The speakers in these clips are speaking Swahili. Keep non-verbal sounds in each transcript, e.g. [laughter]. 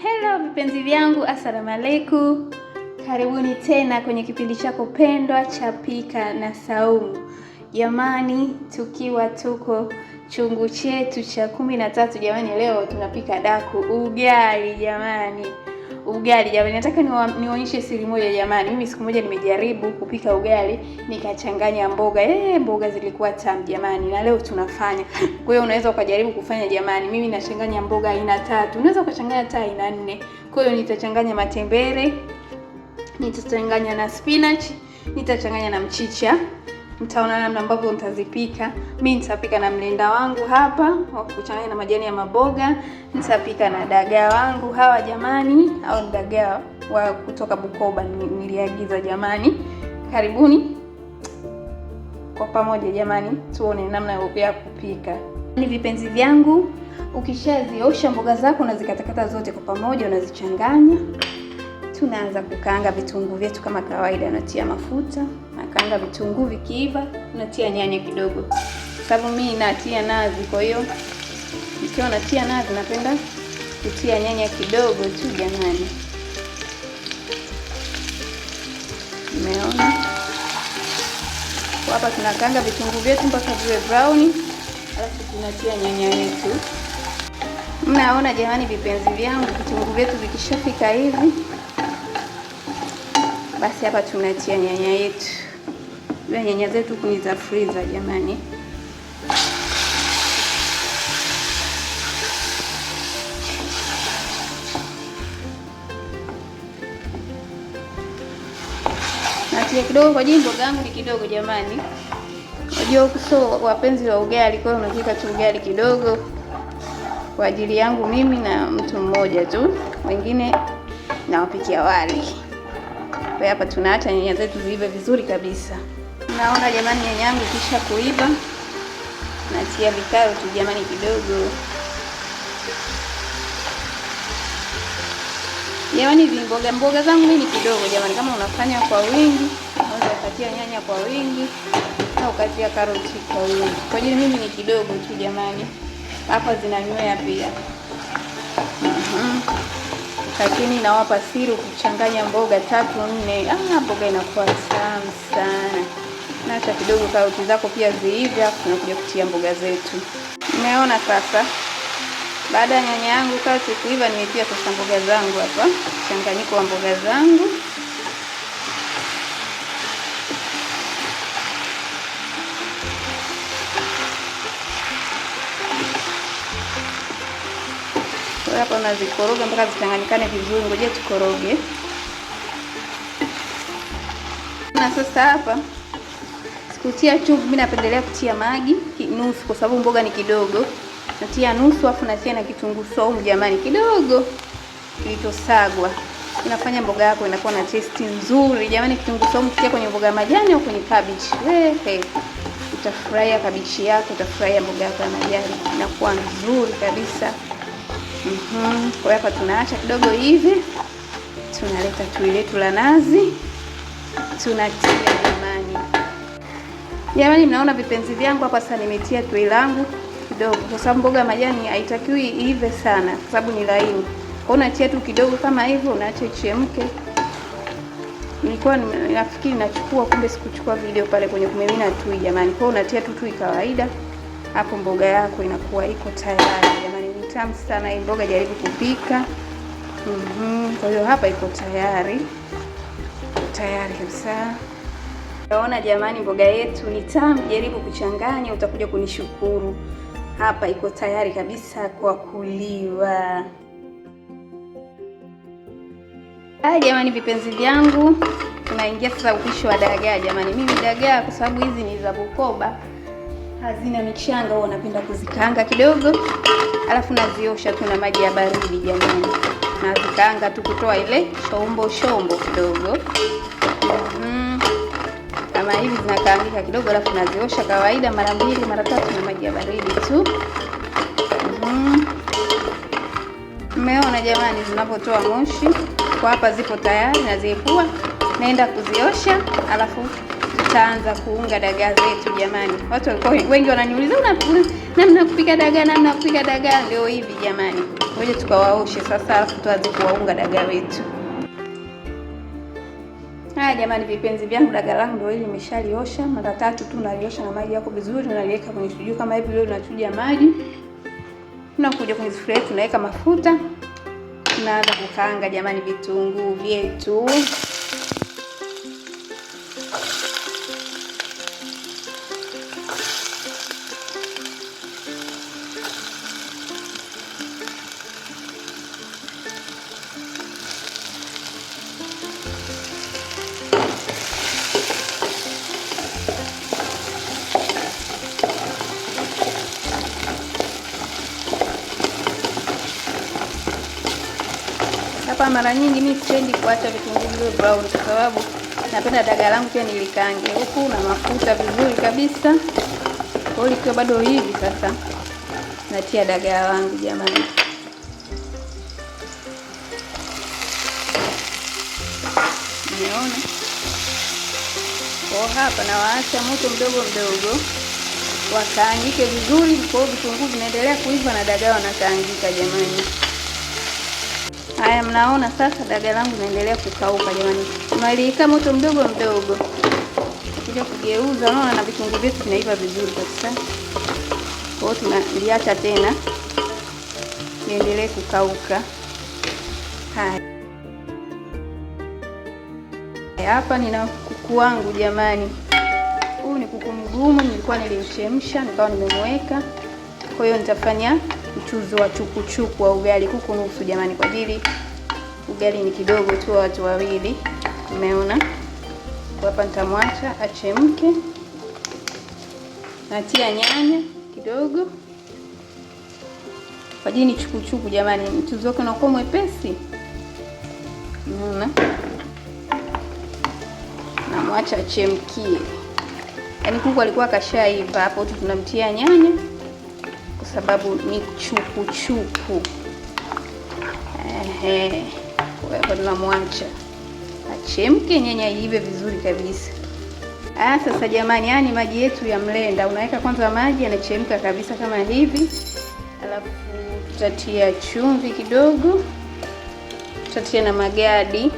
Hello vipenzi vyangu, assalamu alaikum. Karibuni tena kwenye kipindi chako pendwa cha Pika na Saumu. Jamani, tukiwa tuko chungu chetu cha kumi na tatu. Jamani, leo tunapika daku ugali jamani ugali jamani. Nataka niwaonyeshe siri moja jamani. Mimi siku moja nimejaribu kupika ugali nikachanganya mboga eh, mboga zilikuwa tamu jamani, na leo tunafanya. Kwa hiyo unaweza ukajaribu kufanya jamani. Mimi nachanganya mboga aina tatu, unaweza ukachanganya hata aina nne. Kwa hiyo nitachanganya matembele, nitachanganya na spinach, nitachanganya na mchicha mtaona namna ambavyo nitazipika. Mi nitapika na mlenda wangu hapa wa kuchanganya na majani ya maboga, nitapika na dagaa wangu hawa jamani, au dagaa wa kutoka Bukoba niliagiza jamani. Karibuni kwa pamoja jamani, tuone namna ya kupika. Ni vipenzi vyangu, ukishaziosha mboga zako unazikatakata zote kwa pamoja, unazichanganya tunaanza kukaanga vitunguu vyetu kama kawaida. Natia mafuta, nakaanga vitunguu, vikiiva natia nyanya kidogo, sababu mimi natia nazi. Kwa hiyo nikiwa natia nazi, napenda kutia nyanya kidogo tu jamani. Umeona hapa, tunakaanga vitunguu vyetu mpaka viwe brown, alafu tunatia nyanya yetu. Mnaona jamani, vipenzi vyangu, vitunguu vyetu vikishafika hivi basi hapa tunatia nyanya yetu, bila nyanya zetu kuni za freezer jamani. Natia kidogo kwa jimbo gangu ni kidogo jamani. Unajua so wapenzi wa ugali, kwa hiyo tu ugali kidogo kwa ajili yangu mimi na mtu mmoja tu, wengine nawapikia wali. Kwa hapa tunaacha nyanya zetu ziive vizuri kabisa. Naona jamani, nyanya yangu kisha kuiva, natia tu jamani kidogo. Jamani, vimboga mboga zangu mimi ni kidogo jamani. Kama unafanya kwa wingi, unaweza ukatia nyanya kwa wingi au ukatia karoti kwa wingi. Kwa hiyo mimi ni kidogo tu jamani, hapa zinanywea pia. Mhm lakini nawapa siri, ukichanganya mboga tatu nne, ah, mboga inakuwa tamu sana. Naacha kidogo karoti zako pia ziive, tunakuja kutia mboga zetu. Umeona sasa, baada ya nyanya yangu kati kuiva, nimetia sasa mboga zangu hapa, mchanganyiko wa mboga zangu hapa unazikoroga mpaka zichanganyikane vizuri. Ngoja tukoroge. Na sasa hapa sikutia chumvi, mimi napendelea kutia maji nusu, kwa sababu mboga ni kidogo. Natia nusu, afu natia na kitunguu saumu, jamani, kidogo kilichosagwa inafanya mboga yako inakuwa na testi nzuri jamani. Kitunguu saumu kitia kwenye mboga ya majani au kwenye cabbage, wewe hey, utafurahia kabichi yako, utafurahia mboga yako ya majani, inakuwa nzuri kabisa mm Kwa hapa tunaacha kidogo hivi, tunaleta tui letu la nazi tunatia. Jamani, jamani, mnaona vipenzi vyangu hapa, sasa nimetia tui langu kidogo, kwa sababu mboga majani haitakiwi iive sana, kwa sababu ni laini. Kwa hiyo unatia tu kidogo kama hivyo, unaacha ichemke. Nilikuwa nafikiri nachukua, kumbe sikuchukua video pale kwenye kumimina tui, jamani. Kwa hiyo unatia tu tui kawaida, hapo mboga yako inakuwa iko tayari. Tamu sana hii mboga, jaribu kupika. Mm-hmm. Kwa hiyo hapa iko tayari, iko tayari kabisa. Unaona jamani, mboga yetu ni tamu, jaribu kuchanganya, utakuja kunishukuru. Hapa iko tayari kabisa kwa kuliwa. Ah, jamani, vipenzi vyangu, tunaingia sasa upishi wa dagaa jamani. Mimi dagaa, kwa sababu hizi ni za Bukoba hazina michanga, huwa napenda kuzikaanga kidogo, alafu naziosha tu na maji ya baridi jamani, na zikaanga tu kutoa ile shombo shombo kidogo mm. Kama hivi zinakaangika kidogo, alafu naziosha kawaida mara mbili mara tatu na maji ya baridi tu Mmeona mm. jamani, zinapotoa moshi kwa hapa, zipo tayari, naziepua naenda kuziosha alafu tutaanza kuunga dagaa zetu jamani. Watu walikuwa wengi wananiuliza una namna kupika dagaa, namna kupika dagaa. Leo hivi jamani, ngoja tukawaoshe sasa, alafu tuanze kuwaunga dagaa wetu. Haya jamani, vipenzi vyangu, dagaa langu ndio hili nimeshaliosha mara tatu tu, naliosha na maji yako vizuri, naliweka kwenye sufuria kama hivi. Leo tunachuja maji, tunakuja kwenye sufuria yetu, tunaweka mafuta, tunaanza kukaanga jamani, vitunguu vyetu Hapa mara nyingi mimi sipendi kuacha vitunguu vile brown kwa sababu napenda dagaa langu pia nilikange huku na mafuta vizuri kabisa. Kwa hiyo likiwa bado hivi sasa natia dagaa langu jamani. Niona. Kwa hapa nawaacha moto mdogo mdogo wakaangike vizuri, kwa hiyo vitunguu vinaendelea kuiva na dagaa wanakaangika jamani. Haya, mnaona sasa dagaa langu naendelea kukauka jamani, maliika moto mdogo mdogo kija kugeuza. Unaona na vitunguu vyetu vinaiva vizuri kabisa, kwa hiyo tunaliacha tena niendelee kukauka. Haya, hapa nina kuku wangu jamani. Huu ni kuku mgumu, nilikuwa nilimchemsha nikawa nimemweka, kwa hiyo nitafanya mchuzi wa chukuchuku wa ugali kuku nusu, jamani, kwa ajili ugali ni kidogo tu, watu wawili. Umeona hapa, nitamwacha achemke. Natia nyanya kidogo kwa ajili ni chukuchuku, jamani, mchuzi wake unakuwa mwepesi. Umeona, namwacha achemkie. Yaani kuku alikuwa kashaiva hapo tu, tunamtia nyanya sababu ni chuku. Ehe, kwa hivyo tunamwacha achemke nyanya hivyo vizuri kabisa. Ah, sasa jamani, yani maji yetu ya mlenda unaweka kwanza, maji yanachemka kabisa kama hivi, alafu tutatia chumvi kidogo, tutatia na magadi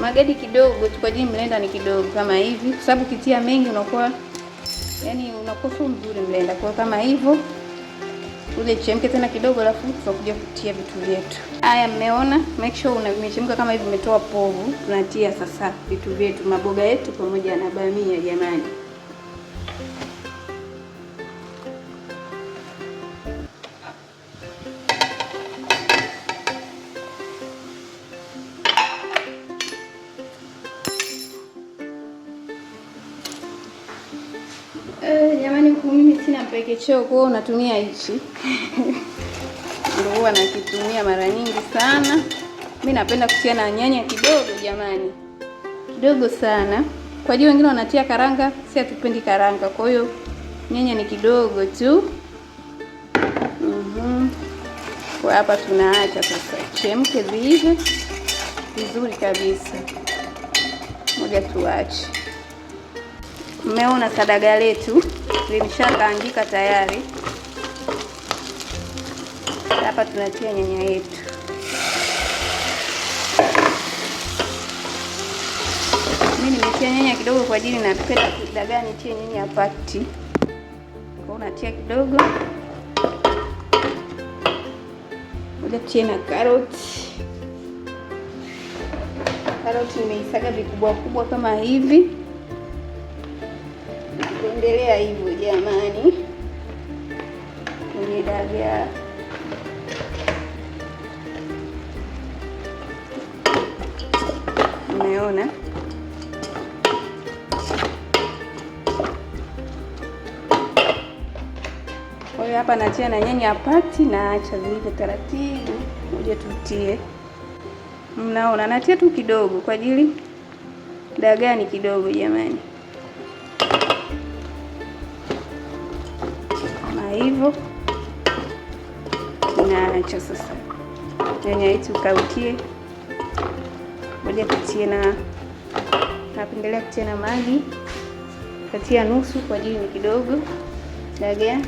magadi kidogo, kwa jini mlenda ni kidogo kama hivi, kwa sababu kitia mengi unakuwa yani unakuwa mzuri mlenda. Kwa kama hivyo ule chemke tena kidogo, alafu tunakuja kutia vitu vyetu. Haya, mmeona, make sure una kama hivi, umetoa povu. Tunatia sasa vitu vyetu, maboga yetu pamoja na bamia, jamani. cheo kuwa unatumia hichi [laughs] ndio huwa nakitumia mara nyingi sana. Mi napenda kutia na nyanya kidogo, jamani, kidogo sana. Kwa hiyo wengine wanatia karanga, si hatupendi karanga, kwa hiyo nyanya ni kidogo tu. mm-hmm. Kwa hapa tunaacha sasa chemke ziive vizuri kabisa, moja tuache Mmeona sadaga letu limeshakaangika tayari. Hapa tunatia nyanya yetu, mi nimetia nyanya kidogo kwa ajili napenda dagaa nitie nyanya pakti, kwa unatia kidogo moja, tutie na karoti. Karoti nimeisaga vikubwa kubwa kama hivi kuendelea hivyo jamani, kwenye dagaa umeona kwa hiyo hapa natia na nyanya pati, naacha zilivyo taratibu, moja tutie. Mnaona natia tu kidogo kwa ajili dagaa ni kidogo jamani. hivyo, naacha sasa nyanya yetu ukaukie. Moja kutie na, napendelea kutia na maji, katia nusu kwa ajili ni kidogo dagaa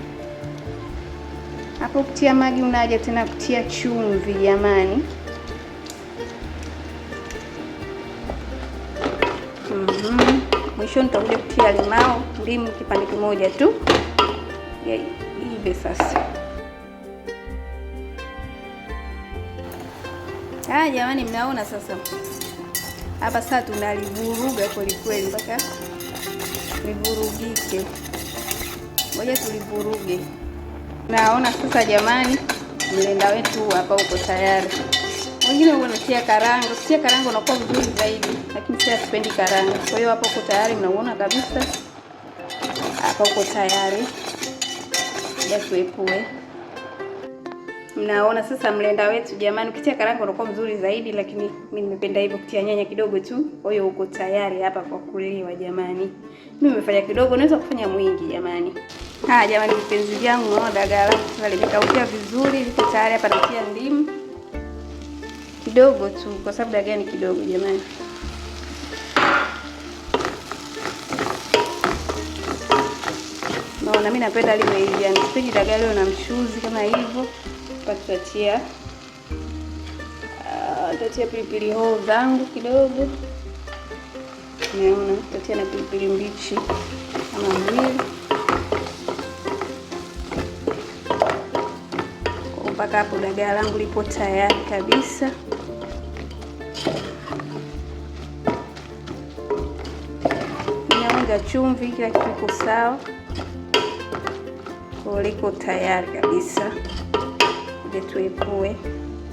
hapo. Kutia maji unaja tena kutia chumvi, jamani. Mhm. Mwisho nitakuja kutia limao, ndimu kipande kimoja tu pesas. Haya jamani, mnaona sasa hapa sasa tunalivuruga kweli kweli mpaka livurugike. Ngoja tulivuruge. Naona sasa jamani, mlenda wetu hapa uko tayari. Wengine unatia karanga, tia karanga unakuwa mzuri zaidi, lakini sasa sipendi karanga. Kwa hiyo hapa uko tayari, mnauona kabisa hapa uko tayari tunaenda tuepue. Mnaona sasa mlenda wetu jamani, ukitia karanga unakuwa mzuri zaidi, lakini mimi nimependa hivyo kutia nyanya kidogo tu. Kwa hiyo uko tayari hapa kwa kuliwa jamani. Mimi nimefanya kidogo, naweza kufanya mwingi jamani. Ah, jamani mpenzi wangu, naona dagaa sasa limekauka vizuri, liko tayari hapa, natia ndimu kidogo tu, kwa sababu dagaa ni kidogo jamani. na mimi napenda limeiva. Sipigi dagaa leo na mchuzi kama hivyo. Hapa tutatia ah, tutatia pilipili hoho zangu kidogo, naona tutatia na pilipili mbichi kama mbili mpaka hapo dagaa langu lipo tayari kabisa. Ninaonga chumvi, kila kitu kiko sawa liko tayari kabisa ili tuipue.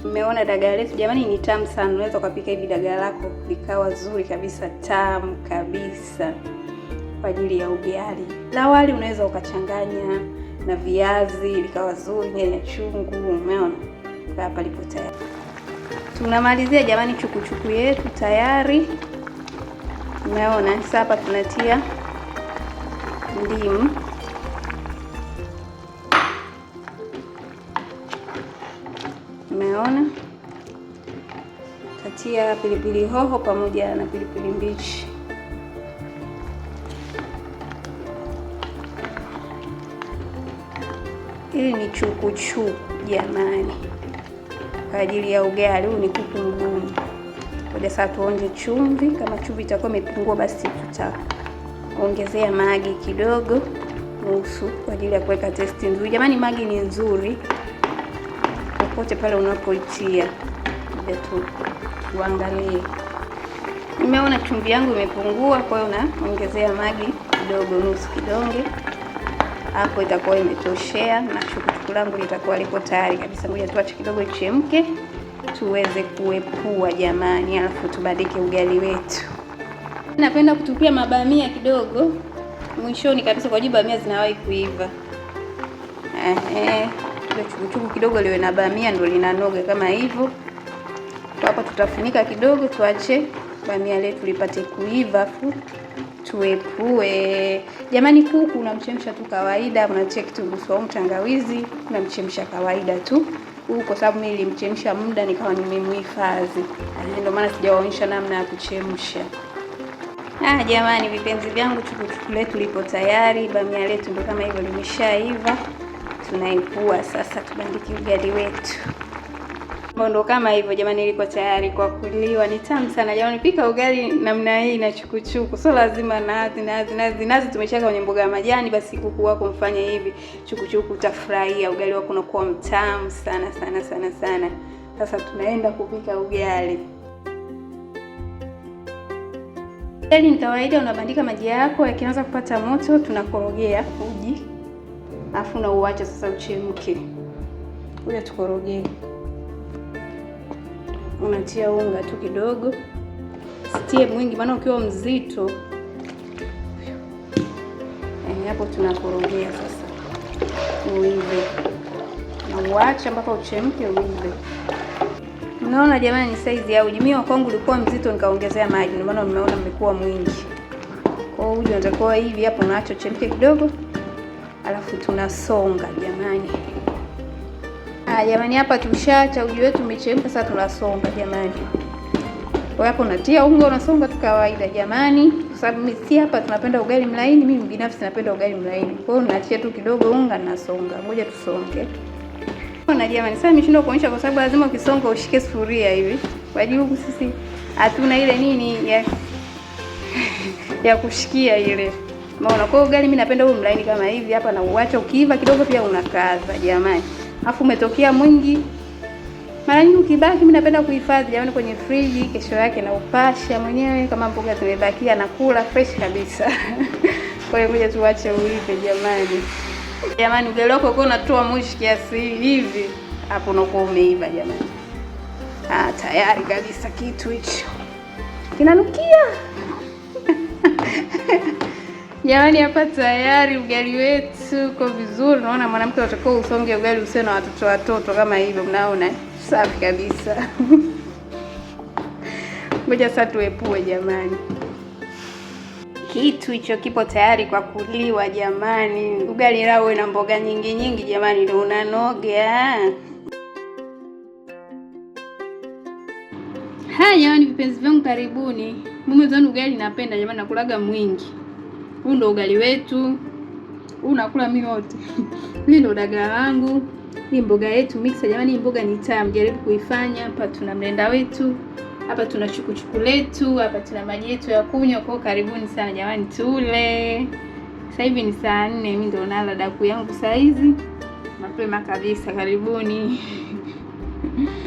Mmeona dagaa letu jamani, ni tamu sana. Unaweza ukapika hivi dagaa lako likawa zuri kabisa, tamu kabisa kwa ajili ya ugali. La wali unaweza ukachanganya na viazi likawa zuri, nyanya chungu. Umeona hapa lipo tayari. Tunamalizia jamani, chukuchuku yetu tayari. Umeona sasa, hapa tunatia ndimu pia pilipili hoho pamoja na pilipili mbichi. Hili ni chukuchuku jamani, kwa ajili ya ugali. Huu ni kuku mgumu. Ngoja sasa tuonje chumvi. Kama chumvi itakuwa imepungua, basi tutaongezea magi kidogo, nusu, kwa ajili ya kuweka testi nzuri. Jamani, magi ni nzuri popote pale unapoitia. Ngoja tu uangalie. Nimeona chumvi yangu imepungua, kwa hiyo naongezea maji kidogo, nusu kidonge. Hapo itakuwa imetoshea na chukuchuku langu litakuwa liko tayari kabisa. Ngoja tuache kidogo ichemke tuweze kuepua jamani, alafu tubadike ugali wetu. Napenda kutupia mabamia kidogo mwishoni kabisa, kwa sababu bamia zinawahi kuiva. Ehe, chukuchuku kidogo liwe na bamia, ndo linanoga kama hivyo hapa tutafunika kidogo, tuache bamia letu lipate kuiva, afu tuepue. Jamani, kuku unamchemsha tu kawaida, unatia kitunguu saumu, tangawizi, unamchemsha kawaida tu huu kwa sababu mimi nilimchemsha muda nikawa nimemhifadhi, ndio maana sijawaonyesha namna ya kuchemsha. Ah, jamani vipenzi vyangu, chukuchuku letu lipo tayari, bamia letu ndio kama hivyo limeshaiva, tunaipua sasa, tubandiki ugali wetu. Ndo kama hivyo jamani, ilikuwa tayari kwa kuliwa. Ni tamu sana jamani, pika ugali namna hii na chukuchuku, sio lazima nazi nazi nazi nazi. tumeshaka kwenye mboga ya majani, basi kuku wako mfanye hivi chukuchuku, utafurahia ugali wako unakuwa mtamu sana sana sana sana. Sasa tunaenda kupika ugali. Ugali ni kawaida, unabandika maji yako, yakianza kupata moto tunakorogea uji, afu na uacha sasa uchemke, huyo tukorogee unatia unga tu kidogo, sitie mwingi, maana ukiwa mzito eh, hapo tunakorogea sasa, uive na uache mpaka uchemke, uive. Unaona jamani, ni saizi uji. mimi kwangu ulikuwa mzito, nikaongezea maji, ndio maana nimeona umekuwa mwingi. Kwa hiyo uji unatakiwa hivi, hapo unaacha uchemke kidogo, alafu tunasonga jamani. Ah, jamani hapa tushaacha uji wetu umechemka, sasa tunasonga jamani. Kwa hapo unatia unga unasonga tu kawaida jamani, kwa sababu mimi si hapa tunapenda ugali mlaini, mimi binafsi napenda ugali mlaini. Kwa hiyo unatia tu kidogo unga nasonga. Ngoja tusonge. Na jamani, sasa nimeshindwa kuonyesha kwa sababu lazima ukisonga ushike sufuria hivi. Kwa ajili sisi hatuna ile nini ya [laughs] ya kushikia ile. Maana kwa ugali mimi napenda huu mlaini kama hivi hapa na uacha ukiiva kidogo pia unakaza jamani afu umetokea mwingi. Mara nyingi ukibaki, mimi napenda kuhifadhi jamani kwenye friji, kesho yake na upasha mwenyewe, kama mboga zimebakia na kula fresh kabisa. [laughs] Kwa hiyo ngoja tuache uive jamani. Jamani, ugali wako uko unatoa moshi kiasi hivi hapo, unakuwa umeiva jamani. Ah, tayari kabisa kitu hicho kinanukia. Jamani, hapa tayari ugali wetu uko vizuri. Naona mwanamke atakao usonge ugali usio na watoto watoto kama hivyo, mnaona safi kabisa. [laughs] Ngoja sasa tuepue jamani, kitu hicho kipo tayari kwa kuliwa jamani. Ugali lao na mboga nyingi nyingi jamani, ndio unanoga haya. Jamani vipenzi vyangu, karibuni. Mume zangu, ugali napenda jamani, nakulaga mwingi huu ndo ugali wetu, huu nakula mimi wote [laughs] hii ndo dagaa langu, hii mboga yetu mixer. Jamani, hii mboga ni tamu, jaribu kuifanya. Hapa tuna mlenda wetu, hapa tuna chukuchuku letu, hapa tuna maji yetu ya kunywa. Kwao karibuni sana jamani, tule. Sasa hivi ni saa nne, mimi ndo nala daku yangu saa hizi mapema kabisa. Karibuni [laughs]